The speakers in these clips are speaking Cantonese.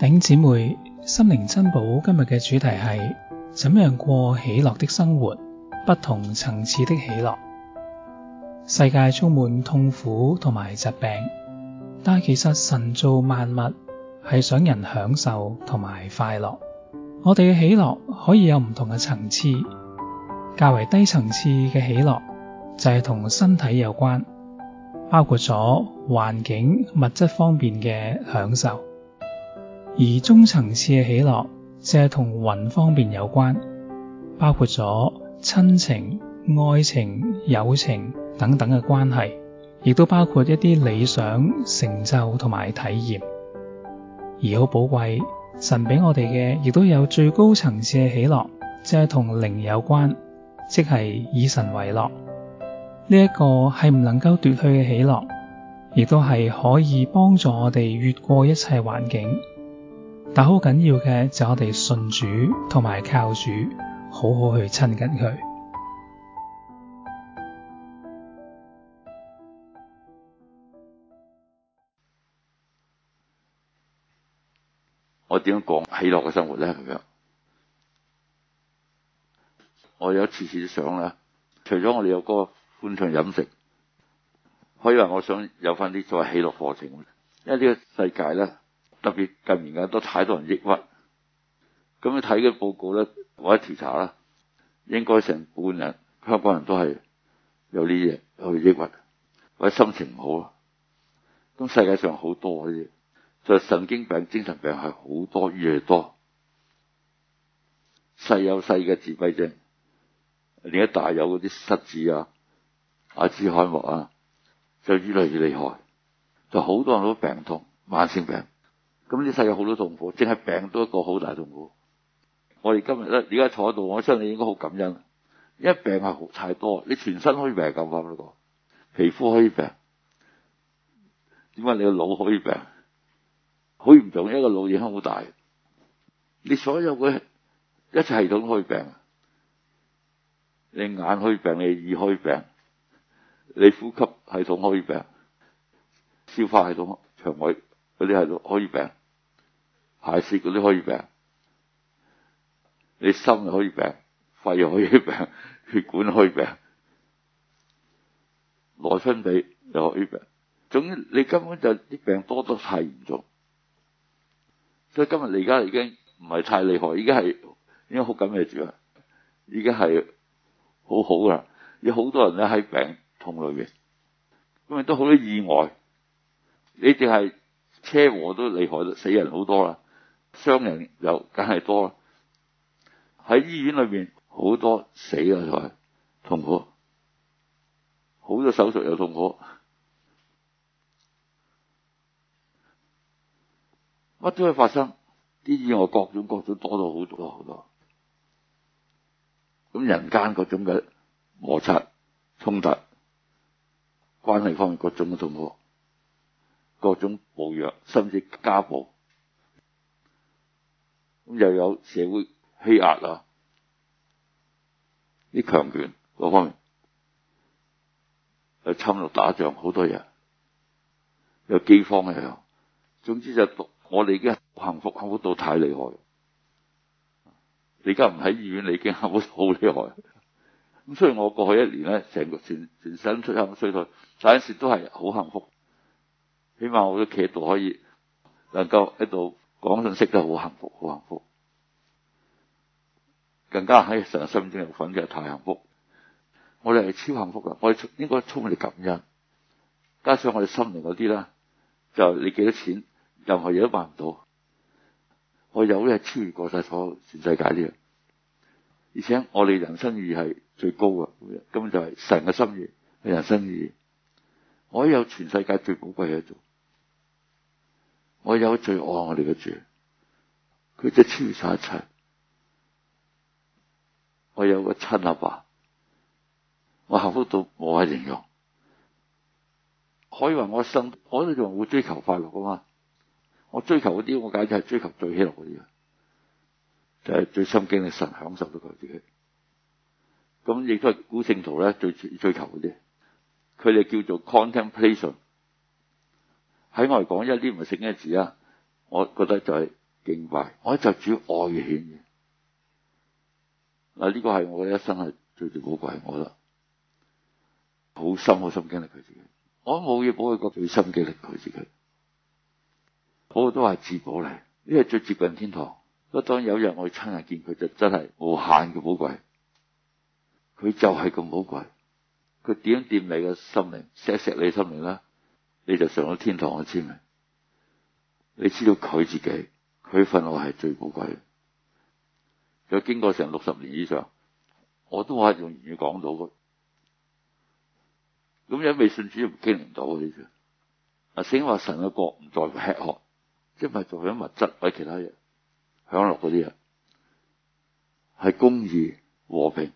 頂姐妹心靈珍寶今日嘅主題係：怎樣過喜樂的生活？不同層次的喜樂。世界充滿痛苦同埋疾病，但其實神造萬物係想人享受同埋快樂。我哋嘅喜樂可以有唔同嘅層次。較為低層次嘅喜樂就係同身體有關，包括咗環境、物質方面嘅享受。而中層次嘅喜樂，即係同魂方面有關，包括咗親情、愛情、友情等等嘅關係，亦都包括一啲理想、成就同埋體驗。而好寶貴神俾我哋嘅，亦都有最高層次嘅喜樂，即係同靈有關，即係以神為樂。呢一個係唔能夠奪去嘅喜樂，亦都係可以幫助我哋越過一切環境。但好緊要嘅就係我哋信主同埋靠主，好好去親近佢。我點樣講喜樂嘅生活咧？咁樣，我有次次都想咧，除咗我哋有嗰個歡暢飲食，可以話我想有翻啲再喜樂課程，因為呢個世界咧。特別近年嘅都太多人抑鬱，咁你睇嘅報告咧，我一調查啦，應該成半人香港人都係有呢嘢去抑鬱或者心情唔好咯。咁世界上好多呢啲就係神經病、精神病係好多，越嚟多細有細嘅自閉症，連一大有嗰啲失智啊、阿茲海默啊，就越嚟越厲害，就好多人都病痛、慢性病。咁呢世有好多痛苦，淨係病都一個好大痛苦。我哋今日咧，而家坐喺度，我相信你應該好感恩，因為病係好太多。你全身可以病咁翻呢個，皮膚可以病，點解你個腦可以病？好嚴重，同一個腦影響好大。你所有嘅一切系統可以病，你眼可以病，你耳可以病，你呼吸系統可以病，消化系統、腸胃嗰啲系統可以病。排斥嗰啲可以病，你心又可以病，肺又可以病，血管可以病，內分泌又可以病。總之你根本就啲病多得太嚴重，所以今日你而家已經唔係太厲害，而家係而家好緊咩住啊？而家係好好噶，有好多人咧喺病痛裏邊，因為都好多意外，你哋係車禍都厲害，死人好多啦。傷人又梗係多。喺醫院裏邊好多死嘅就係痛苦，好多手術又痛苦，乜都會發生，啲意外各種各種多咗好多好多。咁人間各種嘅摩擦、衝突、關係方面各種嘅痛苦，各種暴虐，甚至家暴。咁又有社會欺壓啊，啲強權各方面又侵略打仗好多嘢，有饑荒嘅，總之就我哋已經幸福幸福到太厲害。你而家唔喺醫院，你已經幸福到好厲害。咁雖然我過去一年咧，成個全全身出陰衰退，但係都係好幸福。希望我嘅企喺度可以能夠喺度。講信息都好幸福，好幸福。更加喺神心中有份嘅，太幸福。我哋係超幸福噶我哋應該充滿嚟感恩。加上我哋心靈嗰啲啦，就你幾多錢，任何嘢都買唔到。我有咧超越過晒所全世界啲嘢，而且我哋人生意義係最高嘅。根本就係神嘅心意，係人生意義。我有全世界最寶貴嘢做。我有最愛我哋嘅主，佢就超越晒一切。我有個親阿爸，我幸福到無法形容。可以話我信，我都仲會追求快樂噶嘛。我追求嗰啲，我簡直係追求最喜樂嗰啲，就係、是、最心經嘅神享受到佢自己。咁亦都係古聖徒咧最追求嗰啲，佢哋叫做 contemplation。喺外嚟講，一啲唔係聖經嘅字啊？我覺得就係敬拜，我就主愛獻嘅嗱。呢個係我一生係最最寶貴，我覺得好深好深經歷佢自己，我冇嘢保佢過最深經歷佢自己，嗰個都係自保嚟，呢係最接近天堂。不，當有日我去親眼見佢，就真係無限嘅寶貴。佢就係咁寶貴，佢點掂你嘅心靈，錫錫你心靈啦。你就上咗天堂嘅知名，你知道佢自己，佢份樂係最寶貴。又經過成六十年以上，我都話用言語講到嘅。咁有未信主都經歷唔到嘅。阿聖話神嘅國唔在乎吃喝，即係唔係做響物質或者其他嘢享樂嗰啲嘢，係公義、和平、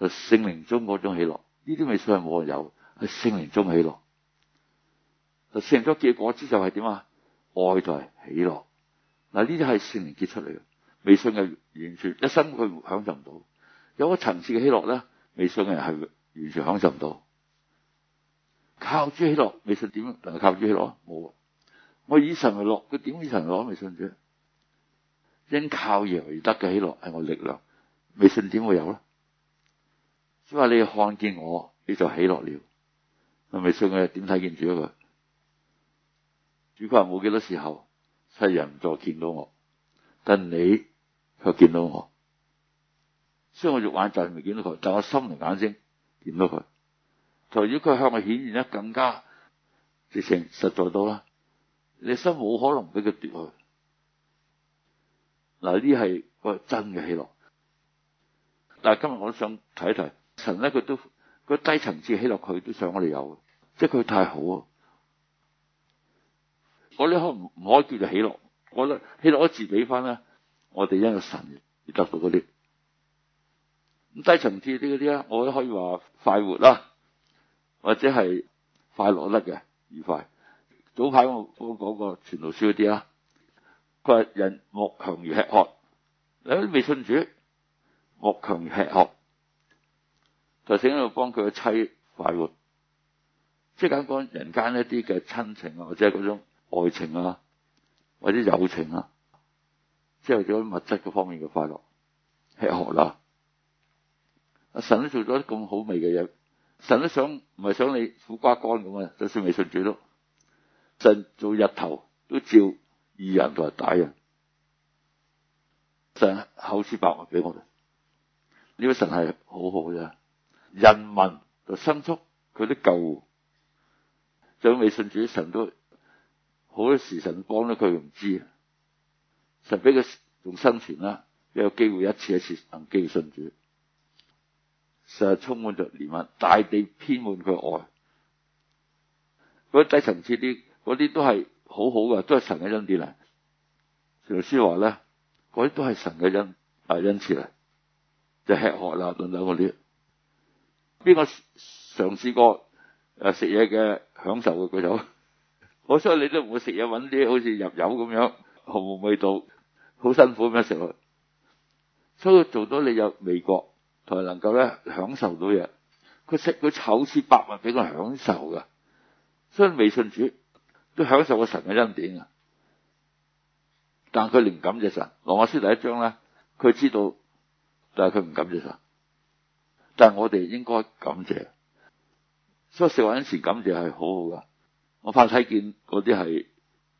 聖靈中嗰種喜樂。呢啲未信係冇人有，係聖靈中喜樂。就形成咗結果之就係點啊？愛就係喜樂嗱，呢啲係聖靈結出嚟嘅。未信嘅完全一生佢享受唔到，有一層次嘅喜樂咧，未信嘅人係完全享受唔到。靠主喜樂，未信點？能夠靠主喜樂啊？冇，我以神為樂，佢點以神為樂？未信主，應靠耶而，而得嘅喜樂係我力量。未信點會有咧？只話你看見我，你就喜樂了。未信嘅人點睇見住佢？主誇話，冇幾多時候，世人唔再見到我，但你卻見到我。雖然我肉眼就未見到佢，但我心靈眼睛見到佢。由於佢向我顯現得更加直情實在到啦。你心冇可能唔俾佢奪去。嗱，我看看呢啲係個真嘅喜樂。嗱，今日我都想睇一睇神咧，佢都低層次喜樂，佢都想我哋有，即係佢太好啊。嗰啲可能唔可以叫做喜樂，我覺得喜樂一字俾翻啦。我哋因為神而得到嗰啲。咁低層次啲嗰啲咧，我都可以話快活啦，啊，或者係快樂得嘅愉快。早排我我講過個傳道書嗰啲啊，佢話人莫強如吃喝，你，哎，未信主，莫強如吃喝，就請，是，我幫佢個妻快活，即係簡單講人間一啲嘅親情啊，或者係嗰種。愛情啊，或者友情啊，即係做啲物質嘅方面嘅快樂，吃喝啦，阿神都做咗啲咁好味嘅嘢，神都想唔係想你苦瓜乾咁啊，就算未信主都，神做日頭都照義人同埋歹人，神厚賜百物俾我哋，呢位神係好好嘅，人民就生出佢啲舊，就算未信主神都。好多時辰講咗佢，唔知神俾佢仲生存啦，有機會一次一次能寄信住，成日充滿着憐憫，大地偏滿佢愛。嗰啲低層次啲，嗰啲都係好好嘅，都係神嘅恩典嚟。徐老師話咧，嗰啲都係神嘅恩啊恩賜嚟，就是、吃喝啦，等等嗰啲。邊個嘗試過誒食嘢嘅享受嘅嗰種？我所以你都唔會食嘢，揾啲好似入油咁樣毫無味道，好辛苦咁樣食去，所以做到你有味覺同埋能夠咧享受到嘢。佢食佢厚賜百物俾佢享受嘅，所以未信主都享受個神嘅恩典啊！但係佢唔感謝神。《羅馬書》第一章咧，佢知道，但係佢唔感謝神。但係我哋應該感謝，所以食飯嗰陣時感謝係好好噶。我怕睇見嗰啲係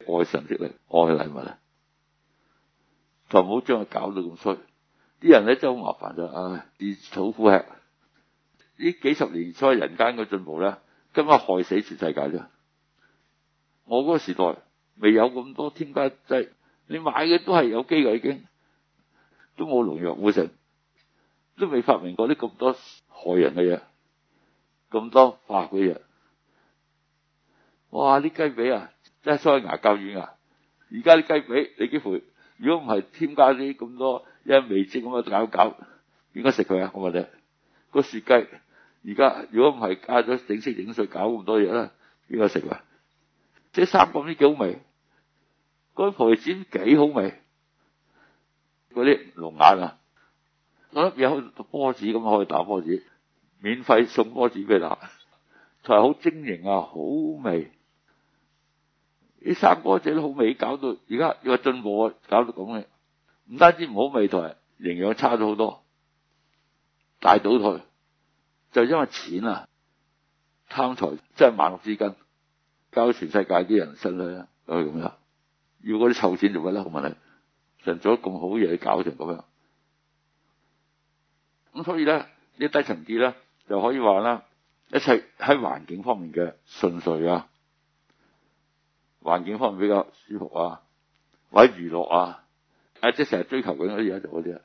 愛神式嚟，愛禮物啊！就唔好將佢搞到咁衰。啲人咧就好麻煩咗，唉！而土苦吃，呢幾十年初人間嘅進步咧，今日害死全世界啫。我嗰個時代未有咁多添加劑，你買嘅都係有機嘅已經，都冇農藥污成，都未發明過啲咁多害人嘅嘢，咁多化學嘅嘢。哇！啲雞髀啊，真係塞牙夠軟啊。而家啲雞髀，你幾乎如果唔係添加啲咁多一味精咁樣搞搞，邊個食佢啊？我問你，個雪雞而家如果唔係加咗整色整水搞咁多嘢啦，邊個食啊？即係三品啲幾好味，嗰啲培尖幾好味，嗰啲龍眼啊，嗰粒嘢好似波子咁可以打波子，免費送波子俾你打，就係好晶瑩啊，好味。啲生果仔都好味，搞到而家要進步，搞到咁嘅，唔單止唔好味同埋營養差咗好多，大倒退就因為錢啊，貪財真係萬惡之根，交全世界啲人失去啊，去咁樣要嗰啲臭錢做乜咧？好問題，成做咁好嘢搞成咁樣，咁所以咧啲低層次咧就可以話咧，一切喺環境方面嘅順遂啊。環境方面比較舒服啊，或者娛樂啊，啊即係成日追求嗰啲嘢做嗰啲啊。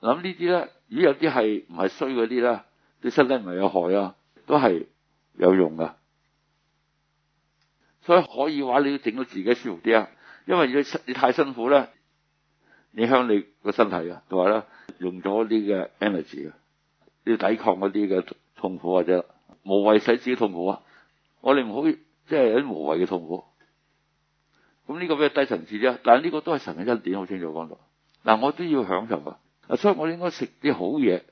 諗呢啲咧，如果有啲係唔係衰嗰啲咧，對身體唔係有害啊，都係有用噶。所以可以話你要整到自己舒服啲啊，因為你你太辛苦咧，影響你個身體啊。同埋咧，用咗啲嘅 energy 啊，要抵抗嗰啲嘅痛苦或、啊、者無謂使自己痛苦啊。我哋唔可以。即係有啲無謂嘅痛苦，咁呢個比較低層次啫。但係呢個都係神嘅恩典，好清楚講到。嗱，我都要享受噶，所以我應該食啲好嘢，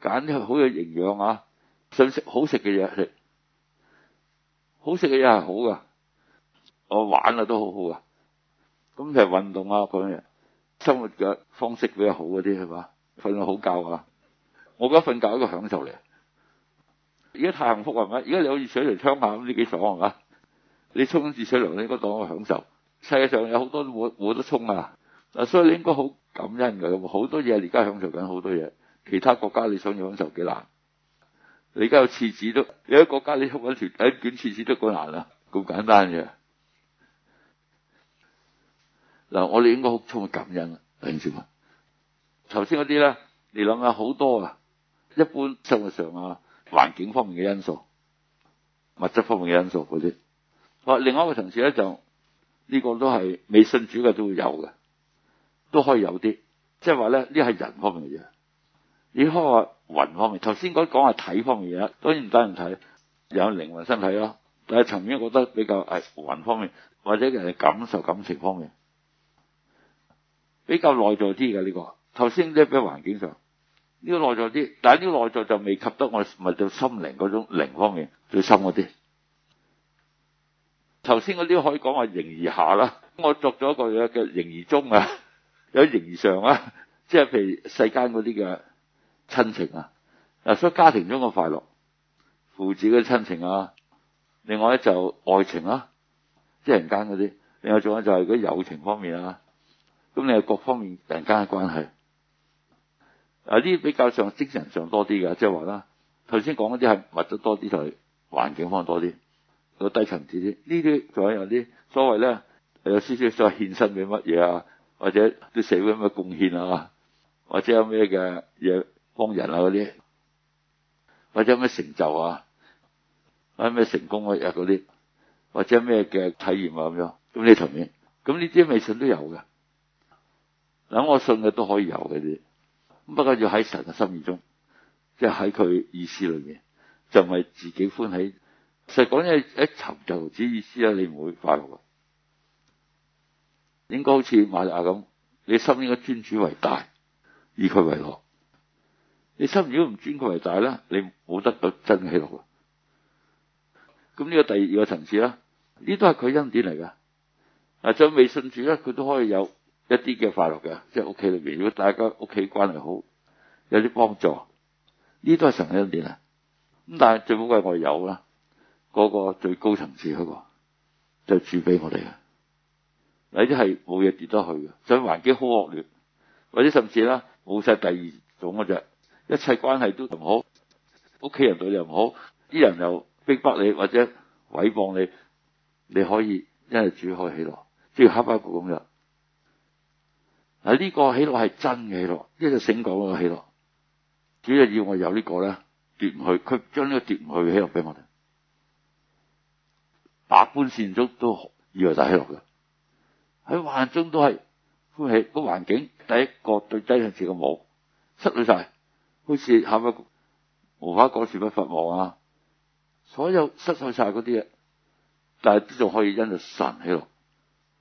揀啲好有營養嚇、啊，想食好食嘅嘢食。好食嘅嘢係好噶，我玩啊都好好啊。咁其實運動啊嗰樣嘢，生活嘅方式比較好嗰啲係嘛？瞓個好覺啊，我覺得瞓覺一個享受嚟。而家太幸福係咪？而家你好似水條槍下，咁，唔知幾爽係咪、啊？你衝次水涼，你應該當我享受。世界上有好多冇冇得衝啊！嗱，所以你應該好感恩㗎。好多嘢你而家享受緊，好多嘢。其他國家你想要享受幾難？你而家有廁紙都，有啲國家你出揾團，捲廁紙都好難啦，咁簡單嘅。嗱，我哋應該好衝去感恩啦，係唔係？頭先嗰啲咧，你諗下好多啊，一般生活上啊。環境方面嘅因素、物質方面嘅因素嗰啲，啊，另外一個層次咧就呢、這個都係未信主嘅都會有嘅，都可以有啲，即係話咧呢係人方面嘅嘢。你可以話魂方面，頭先講講係體方面嘢啦，當然唔單人體，有靈魂、身體咯，但係層面覺得比較係魂方面，或者係感受、感情方面比較內在啲嘅呢個。頭先 lift 環境上。呢個內在啲，但係呢個內在就未及得我咪就心靈嗰種靈方面最深嗰啲。頭先嗰啲可以講話形而下啦，我作咗一個嘅叫形而中啊，有形而上啦啊，即係譬如世間嗰啲嘅親情啊，嗱，所以家庭中嘅快樂、父子嘅親情啊，另外咧就愛情啊，即係人間嗰啲，另外仲有就係嗰友情方面啊，咁你係各方面人間嘅關係。啊！呢啲比較上精神上多啲嘅，即係話啦，頭先講嗰啲係物質多啲同環境方多啲，個低層次啲。呢啲仲有有啲所謂咧，有少少所謂獻身俾乜嘢啊？或者啲社會有咩貢獻啊？或者有咩嘅嘢幫人啊嗰啲？或者有咩成就啊？或者咩成功嘅人嗰啲？或者咩嘅體驗啊咁樣？咁呢層面，咁呢啲微信都有嘅，諗我信嘅都可以有嘅啲。不過要喺神嘅心意中，即係喺佢意思裏面，就唔係自己歡喜。實際講咧，一尋就只意思啦，你唔會快樂。應該好似馬利亞咁，你心應該尊主為大，以佢為樂。你心如果唔尊佢為大咧，你冇得到真嘅喜樂。咁呢個第二個層次啦，呢都係佢恩典嚟噶。嗱，就未信主咧，佢都可以有。一啲嘅快樂嘅，即係屋企裏邊。如果大家屋企關係好，有啲幫助，呢都係神嘅恩典啊！咁但係最寶貴我有啦，嗰個最高層次嗰個就住俾我哋嘅，或者係冇嘢跌得去嘅，所以環境好惡劣，或者甚至啦冇晒第二種嘅啫，一切關係都唔好，屋企人對你唔好，啲人又逼迫你或者毀謗你，你可以一係住開起來，即係黑黑咁入。啊！呢個喜樂係真嘅喜樂，呢個醒覺嗰個喜樂，主要要我有個呢個咧，奪唔去，佢將呢個奪唔去嘅喜樂俾我哋，百般善終都以為大喜樂嘅，喺幻中都係歡喜，個環境第一個對低層次嘅冇失去晒，好似係咪無花果樹不發旺啊？所有失去晒嗰啲嘢，但係都仲可以因着神喜樂，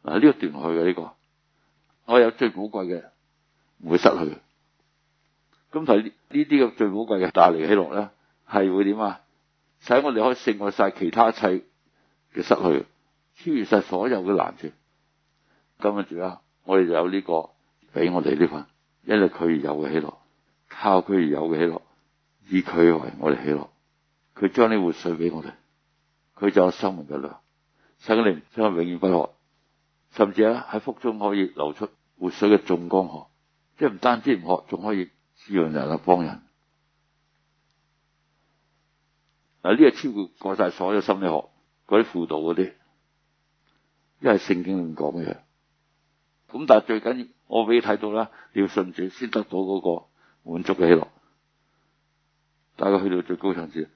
啊、這、呢個奪唔去嘅呢、這個。我有最寶貴嘅，唔會失去。咁睇呢啲嘅最寶貴嘅帶嚟喜樂咧，係會點啊？使我哋可以勝過晒其他一切嘅失去，超越晒所有嘅難處。咁跟住啊，我哋就有呢、這個俾我哋呢份，因為佢而有嘅喜樂，靠佢而有嘅喜樂，以佢為我哋喜樂。佢將呢活水俾我哋，佢就有生命嘅量，生命將永遠不渴，甚至咧、啊、喺腹中可以流出。活水嘅江河，即係唔單止唔渴，仲可以滋養人啊，幫人嗱，呢個超過過晒所有心理學嗰啲輔導啲，因為聖經裏講嘅。咁但係最緊要我俾你睇到啦，要信主先得到個滿足嘅喜樂，大家去到最高層次。